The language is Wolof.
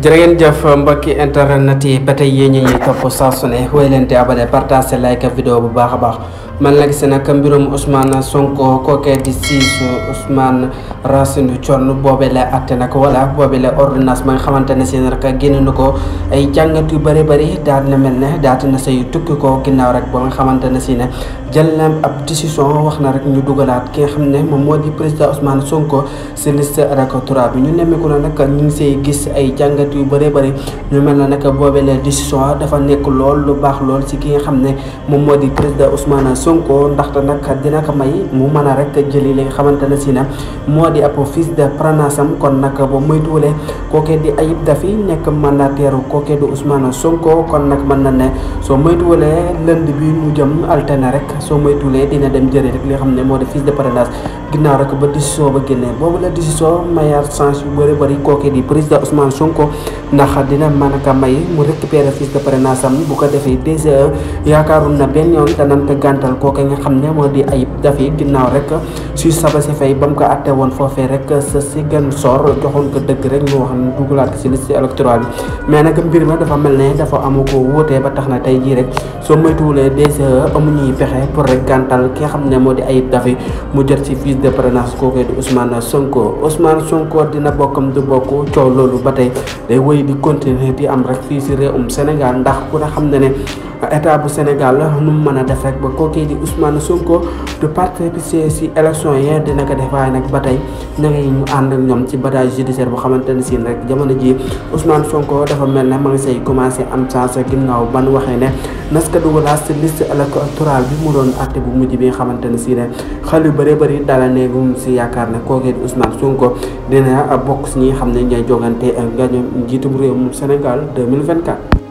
jërë ngeen jëf mbokki internet yi ba tey yéen ñi ñuy topp saa su ne wéy leen di abonné partage like vidéo bu baax a baax man la gis nag mbirum Ousmane Sonko kookee di siisu Ousmane Racine Thion boobee la àtte nag wala boobee la ordonnance ba nga xamante ne si rek génn na ko ay jàngat yu bëri bëri daal na mel ne daal na say tukki ko ginnaaw rek ba nga ne si ne jël na ab décision wax na rek ñu dugalaat ki nga xam ne moom moo di président Ousmane Sonko si liste rectorat bi ñu ko na nag ñu ngi see gis ay jàngat yu bëri bëri ñu mel na nag boobe la décision dafa nekk lool lu baax lool si ki nga xam ne moom moo di président Ousmane Sonko ndaxte nak dina ko may mu mën a rek jëli li nga xamante ne si ne moo di de pranasam kon nag ba moytuwule kookee di Ayib dafi nekk mandataire kookee di Ousmane Sonko kon nag mën na ne soo moytuwulee lënd bi mu jëm rek so moytuwulee dina dem jëri rek li nga xam ne di fils de parrainage ginnaaw rek ba décision ba génnee boobu la décision mayaat change yu bëri bëri kookee di président Ousmane Sonko ndax dina mën a may mu récupérer fils de parrainage bu ko defee DGE yaakaaroon na benn dalal kooku nga xam ne moo di Ayib Daffé ginnaaw rek su Saba si fay ba mu ko atte woon foofee rek sa Ziguinchor joxoon ko dëgg rek ñu wax ne dugalaat ko si liste électorale bi mais nag mbir ma dafa mel ne dafa amu ko wóotee ba tax na tey jii rek soo moytuwulee DCE amuñuy pexe pour rek gàntal ki nga xam di Ayib Daffé mu jot si fiche de parrainage kooku di Ousmane Sonko Ousmane Sonko dina bokkam du bokk coow loolu ba day wéy di continuer di am rek fii si réewum Sénégal ndax ku ne xam ne état bu Sénégal nu def rek ba di Ousmane Sonko participer élection option yi dina ko def waaye nag ba tey na ànd ak ñoom ci bataille judiciaire bu xamante ne si rek jamono ji Ousmane Sonko dafa mel na man ngi say commencé am chance ginnaaw ban waxee ne nas ko dugalaat si liste électorale bi mu doon àtte bu mujj bi nga xamante ne si ne xel yu bëree bëri dala neegum si yaakaar ne kookee Ousmane Sonko dina bokk si ñi xam ne ñooy jogante njiitu bu réew mu Sénégal 2024